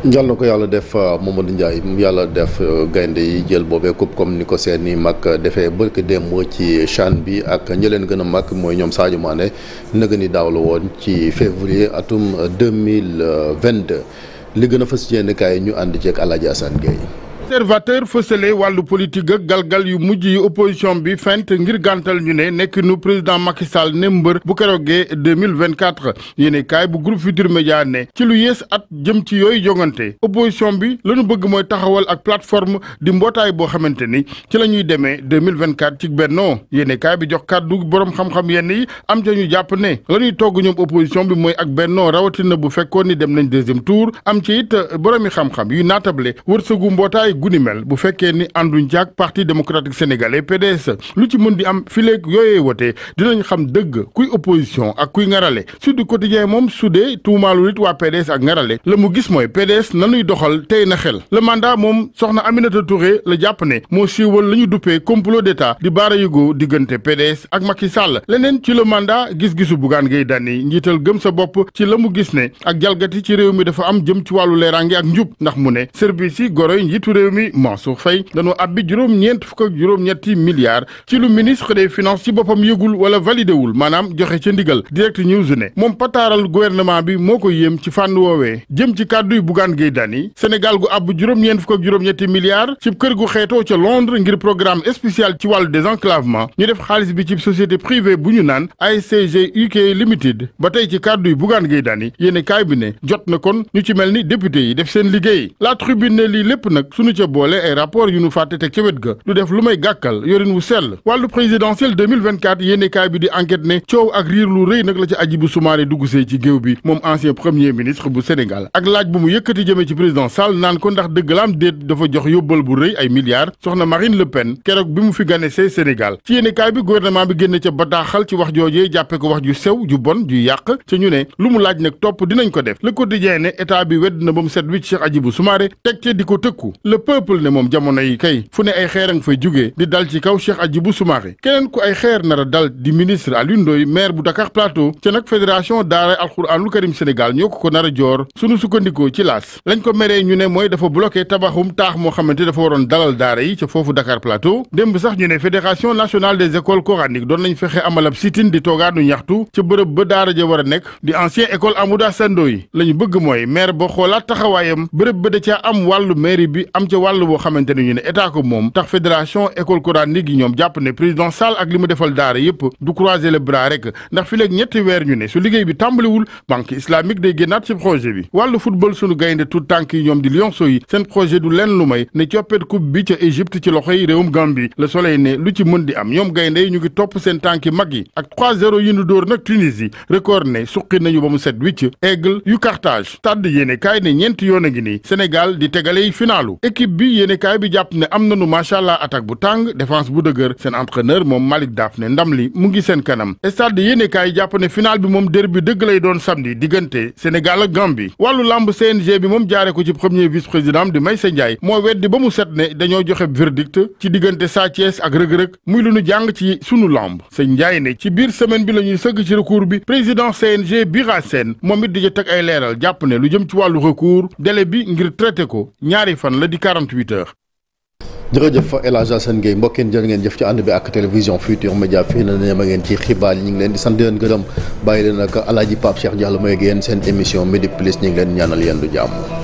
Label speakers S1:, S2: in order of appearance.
S1: yàlla na ko yàlla def euh, Mamadou Ndiaye yàlla def euh, gaynde yi jël boobee coupe comme ni ko seen i mag euh, defee barki démb ci CHAN bi ak ñi leen gën a mag mooy ñoom Sadio Mané nëgë ni daaw la woon ci février atum deux mille vingt deux li gën a fas yéene kaay ñu ànd ceeg El Hadj Assane Gueye
S2: l'observateur fësale wàllu politique ak galgal yu mujj yu opposition bi fent ngir gàntal ñu ne nekk nu président Macky Sall ne mbër bu keroogee 2024 yéene kaay bu groupe Futur Média ne ci lu yées at jëm ci yooyu jongante opposition bi lañu bëgg mooy taxawal ak plateforme di mbootaay boo xamante ni ci la ñuy demee 2024 ci bennoo yéene kaay bi jox kàddu boroom xam-xam yenn yi am ca ñu jàpp ne la ñuy togg ñoom opposition bi mooy ak bennoo rawatina bu fekkoon ni dem nañ deuxième tour am ci it boroomi xam-xam yuy naatable wërsëgu mbootaay guni mel bu fekkee ni ànduñ jàkk parti démocratique sénégalais PDS lu ci mën di am fileeg yooyee wote dinañ xam dëgg kuy opposition ak kuy ngarale Sud Quotidien moom sudee tuumaalu nit waa PDS ak ngarale la mu gis mooy PDS nanuy doxal tey na xel le mandat moom soxna Aminata Touré la jàpp ne moo siiwal la ñu duppee complot d'état di baara yugoo diggante PDS ak Macky Sall leneen ci le mandat gis-gisu Bougane Gueye Dany njiital gëm sa bopp ci la mu gis ne ak jalgati ci réew mi dafa am jëm ci wàllu leeraange ak njub ndax mu ne mi Mansour Faye dañoo abbi juróom ñeent fukk ak juróom-ñetti milliards ci lu ministre des finances ci boppam yëgul wala validé wul maanaam joxe ca ndigal direct news ne moom pataaral gouvernement bi moo ko yéem ci fànn woowee jëm ci kàdduy Bougane Gueye Dany Sénégal gu àbb juróom-ñeent fukk ak juróom-ñetti milliards ci kër gu xeetoo ca Londres ngir programme spécial ci wàllu désenclavement ñu def xaalis bi ci société privée bu ñu naan ICG UK Limited ba tey ci kàdduy Bougane Gueye Dany yéene kaay bi ne jot na kon ñu ci mel ni député yi def seen liggéey mënu ca boole ay rapport yu nu fàtte teg ca wet ga du def lu may gàkkal yorin wu sell wàllu présidentiel 2024 yéenekaay bi di enquête ne coow ak riir lu rëy nag la ci Hadjibou Soumaré duggsee ci géew bi moom ancien premier ministre bu Sénégal ak laaj bu mu yëkkati jëmee ci président Sall naan ko ndax dëgg laam déet dafa jox yóbbal bu rëy ay milliards soxna Marine Le Pen keroog bi mu fi ganesee Sénégal ci yéenekaay bi gouvernement bi génn ca bataaxal ci wax joojee jàppe ko wax ju sew ju bon ju yàq ca ne lu mu laaj nag topp dinañ ko def Le Quotidien ne état bi wedd na ba mu set wi ci Cheikh Hadjibou Soumaré teg ca di ko peuple ne moom jamono yi kay fu ne ay xeer a nga fay jugee di dal ci kaw Cheikh Hadjibou Soumaré keneen ku ay xeer nar a dal di ministre Alioune Ndoye maire bu Dakar Plateau ca nag fédération daara alxuraanul karim Sénégal ñoo ko ko nar a joor sunu sukkandikoo ci laas lañ ko meree ñu ne mooy dafa bloqué tabaxum taax moo xamante dafa waroon dalal daara yi ca foofu Dakar Plateau démb sax ñu ne fédération nationale des écoles coraniques doon nañ fexe amalab sitin di toogaanu ñaxtu ca bërëb ba daara ja a nekk di ancien école Amadou Assane Ndoye la ñu bëgg mooy maire ba xoolaat taxawaayam bërëb ba da caa am wàllu mairie bi am ca wàll boo xamante ne ñu ne état ko moom tax fédération école coranique yi ñoom jàpp ne président Sall ak li mu defal daara yëpp du croiser le bras rek ndax fi ñetti weer ñu ne su liggéey bi tàmbaliwul banque islamique day génnaat ci projet bi wàllu football sunu gaynde tout tànk yi ñoom di lionceaux yi seen projet du lenn lu may ne coppet coupe bi ca Égypte ci loxoy réewum Gambie le soleil ne lu ci mën di am ñoom gaynde yi ñu ngi topp seen tànki mag yi ak 3-0 yu ñu dóor nag Tunisie record ne suqi nañu ba mu set wicc aigle yu Carthage yéene kaay ne ñeenti yoon a ngi nii Sénégal di tegale finalu équipe bi yéenekaay bi jàpp ne am nañu macha allah bu tàng défense bu dëgër seen entraîneur moom Malick Daaf ne ndam li mu ngi seen kanam stade yéenekaay jàpp ne final bi moom derby dëgg lay doon samedi diggante Sénégal ak Gambie wàllu lamb CNG bi moom jaare ko ci premier vice président di Maysa Ndiaye moo weddi ba mu set ne dañoo joxe verdict ci diggante Sa Thiès ak rëg-rëg muy lu nu jàng ci sunu lamb sëñ Ndiaye ne ci biir semaine bi la ñuy sëgg bi président CNG Bira Sène moom it di ca teg ay 48 heures.
S1: jërëjëf El Hadj Assane Gueye mbokkeen jërë ngeen jëf ci ànd bi ak télévision Futur Média fii na ne ma ngeen ci xibaar yi ñu ngi leen di sant leen gërëm bàyyi leen ak El Hadj Pape Cheikh Diallo mooy seen émission Midi Plus ñu ngi leen ñaanal yéen du jàmm.